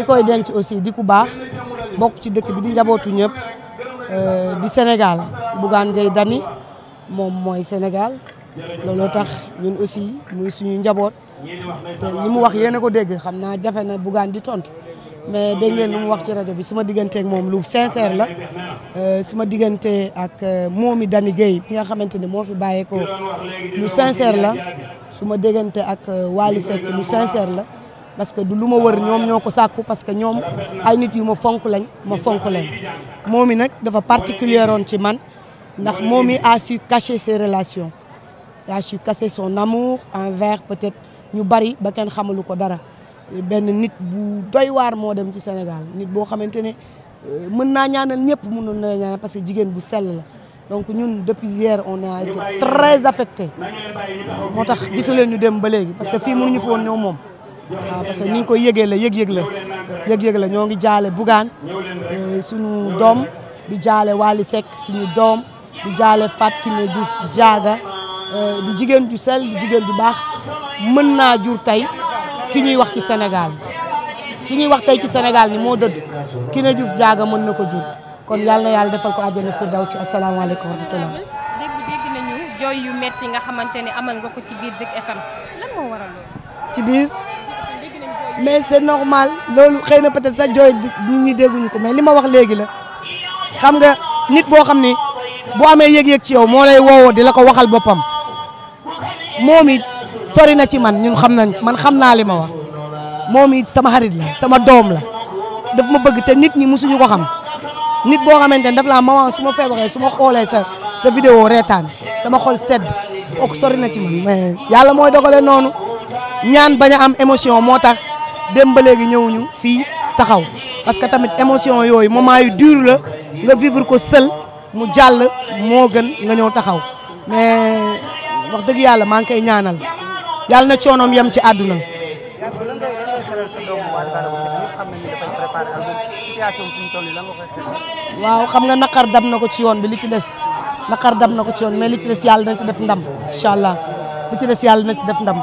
ki koy denc aussi di ku baax bokk ci dëkk bi di njabootu ñëpp euh, di Sénégal Bougane Gueye dani moom mooy Sénégal looloo tax ñun aussi muy suñu njaboot te mu wax yéen a ko dégg xam naa jafe na Bougane di tontu mais dégg ngeen lu mu wax ci rajo bi suma diggante ak moom lu sincère la euh, suma diggante ak euh, Momy Dany Gueye mi nga xamante ni moo fi bàyyeekoo lu sincère la suma diggante ak Wally Seck lu sincère la. parce que du lu ma war ñoom ñoo ko sàkku parce que ñoom ay nit yu ma fonk lañ ma fonk leen moom i nag dafa particulier woon ci man ndax moom i a su cacher ses relations a su cacher son amour envers peut-être ñu bari ba kenn xamalu ko dara benn nit bu doy waar moo dem ci Sénégal nit boo xamante ne euh, mën naa ñaanal ñëpp mënoon na ñaanal parce que jigéen bu sell la donc ñun depuis hier on a été très affecté moo tax gisuleen ñu dem ba léegi parce que fii mënuñu fi woon ñëw moom waaw parce que ni nga koy yëgee la yëg-yëg la ñoo ngi jaale Bougane eh, suñu doom di jaale Wally Seck suñu doom di jaale Fatou Kiné Diouf jaaga eh, di jigéen ju sel di jigéen ju baax mën naa jur tey ki ñuy wax ci Sénégal ki ñuy wax tey ci senegal ni moo dëdd Kiné Diouf jaaga mën na ko jur kon yàlla na yàlla defal ko àjjana firdawsi asalaamaaleykum wa rahmatulah. yu métti yi nga xamante ne amal nga ko ci biir Zik FM loolu. ci mais c'est normal loolu xëy na peut-être sax jooy nit ñi dégguñu ko mais li ma wax léegi la xam nga nit boo xam ni boo amee yëg-yëg ci yow moo lay woowoo di la ko waxal boppam moom it sori na ci man ñun xam nañ man xam naa li ma wax moom it sama xarit la sama doom la daf ma bëgg te nit ñi musuñu ko xam nit boo xamante ne daf laa maman su ma feebaree su ma xoolee sa sa vidéo reetaan sama xol sedd ok sori na ci man mais yàlla mooy dogalee noonu ñaan bañ am émotion moo tax. dem ba léegi ñëwuñu fii taxaw parce que tamit émotion yooyu moment yu dur la nga vivre ko sel mu jàll moo gën nga ñëw taxaw mais wax dëgg yàlla maa ngi koy ñaanal yàlla na coonoom yem ci àdduna. waaw xam nga naqar dab na ko ci yoon bi li ci des naqar dam na ko ci yoon mais li ci des yàlla na ci def ndam incha allah li ci des yàlla na ci def ndam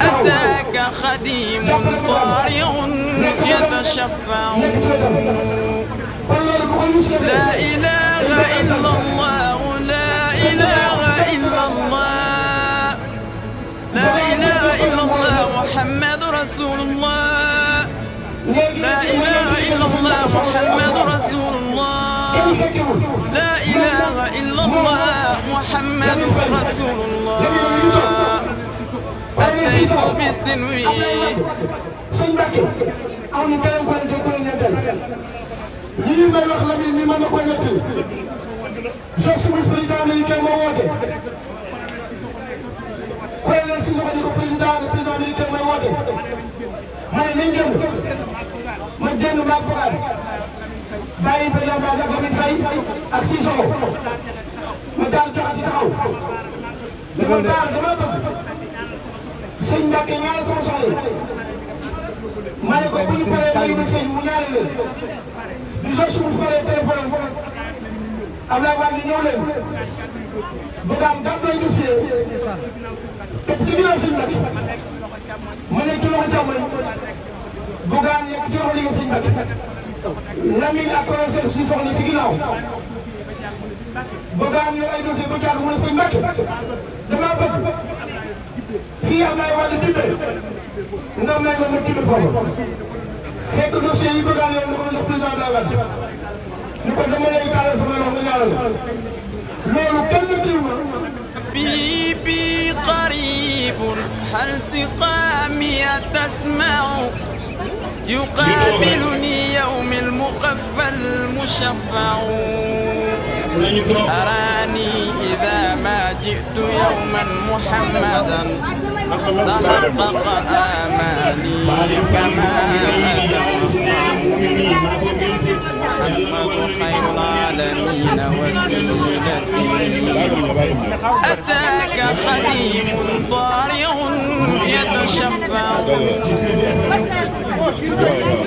أتاك خديم طارع يتشفع لا إله إلا الله لا إله إلا الله لا إله إلا الله محمد رسول الله لا إله إلا الله محمد رسول الله لا إله إلا الله محمد رسول الله tey ko bis di nuyu. sëñ Mbacke am na keneen ku leen koy nettali lii may wax la ni mën na koy nettali jox suñu président yi kenn moo woote. kuréel leen si loxo ni ko président ne yi kenn moo woote. ma ne nañ gëm ma génn maag Bougane bàyyi président ba ak Lamine Faye ak daal joxati taxaw. daal sëñ Mbacke ñaari sama soxla ma ne ko bu ñu paree léegi ne sëñ mu ñaari leen di jox suuf paree téléphone Abdoulaye Wade gi ñëw leen bu nga am gàddoy dossier te ci ginnaaw sëñ Mbacke ma ne ci loxo càmmoñ bu nga am nekk ci loxo liggéey sëñ Mbacke Lamine ak conseil suñu soxla ci ginnaaw bu nga am yor ay dossier ba jàll mu ne damaa bëgg. fii Abdoulaye Wade tibbee ndam nañ ko mu tibb foofu fekk dossier yi ko daan yoon ñu ko jox président Abdoulaye Wade ñu ko dama lay taalal sama loxo nga ñaanal loolu kenn tiiw ma بيبي قريب هل سقامي تسمع يقابلني يوم المقفى المشفع أراني إذا ما جئت يوما محمدا تحقق آماني كما محمد خير العالمين وسيلتي أتاك خديم ضارع يتشفع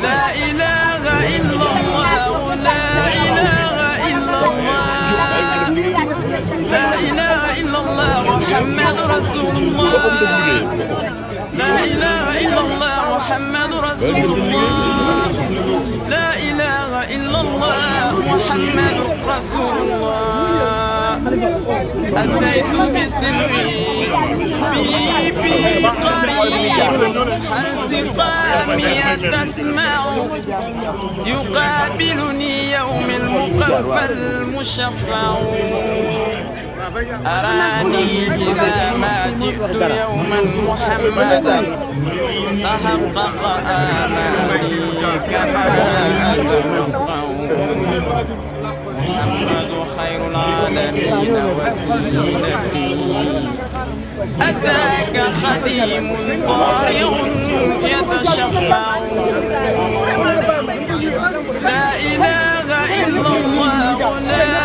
لا إله إلا الله لا إله إلا الله رسول الله لا إله إلا الله محمد رسول الله لا إله إلا الله محمد رسول الله أتيت بسلمي بي قريب حرس قامي تسمع يقابلني يوم المقفى المشفع أراني إذا ما جئت يوما محمدا تحقق آمالي كما أدرك محمد خير العالمين وسيلتي أتاك خديم طائر يتشفع لا إله إلا الله لا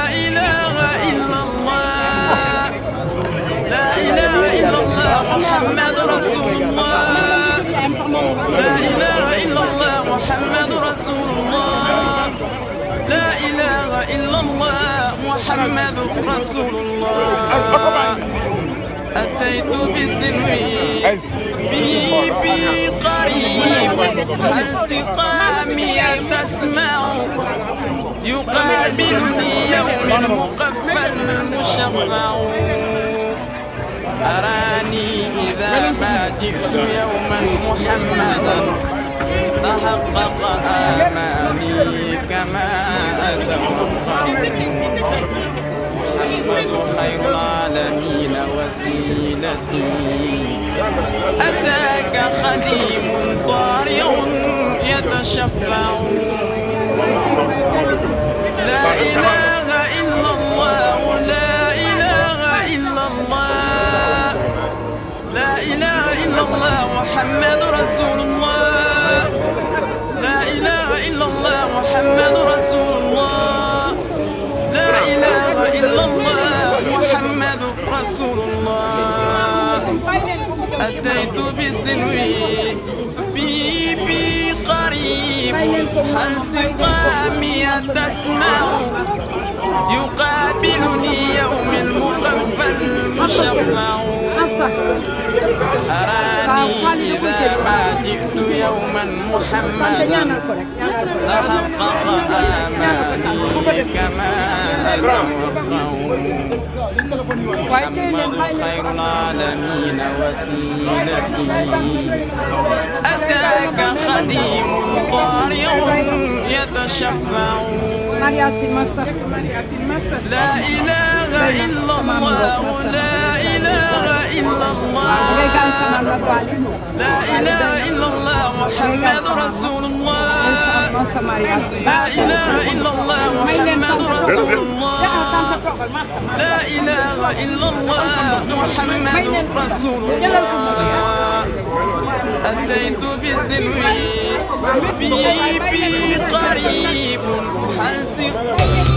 رسول الله أتيت بالسلوي بيبي قريب هل سقامي تسمع يقابلني يوم المقفى المشفع أراني إذا ما جئت يوما محمدا تحقق آمالي كما أتوقع أحمد خير العالمين وسيلتي أتاك خديم طارع يتشفع لا إله إلا الله لا إله إلا الله لا إله إلا الله محمد رسول الله لا إله إلا الله محمد رسول الله لا إله إلا الله أتيت بالسلوي بيبي قريب هل سقامي تسمع يقابلني يوم المقفى المشفع أراني إذا ما جئت يوما محمدا تحقق آمالي كما أتوقع والكلم خير العالمين وسيلتي أتاك خديم ضارع يتشفع لا إله إلا الله لا لا إله إلا الله محمد رسول الله لا إله إلا الله محمد رسول الله لا إله إلا الله محمد رسول الله أتيت بالسلوي ربي بي قريب حاسق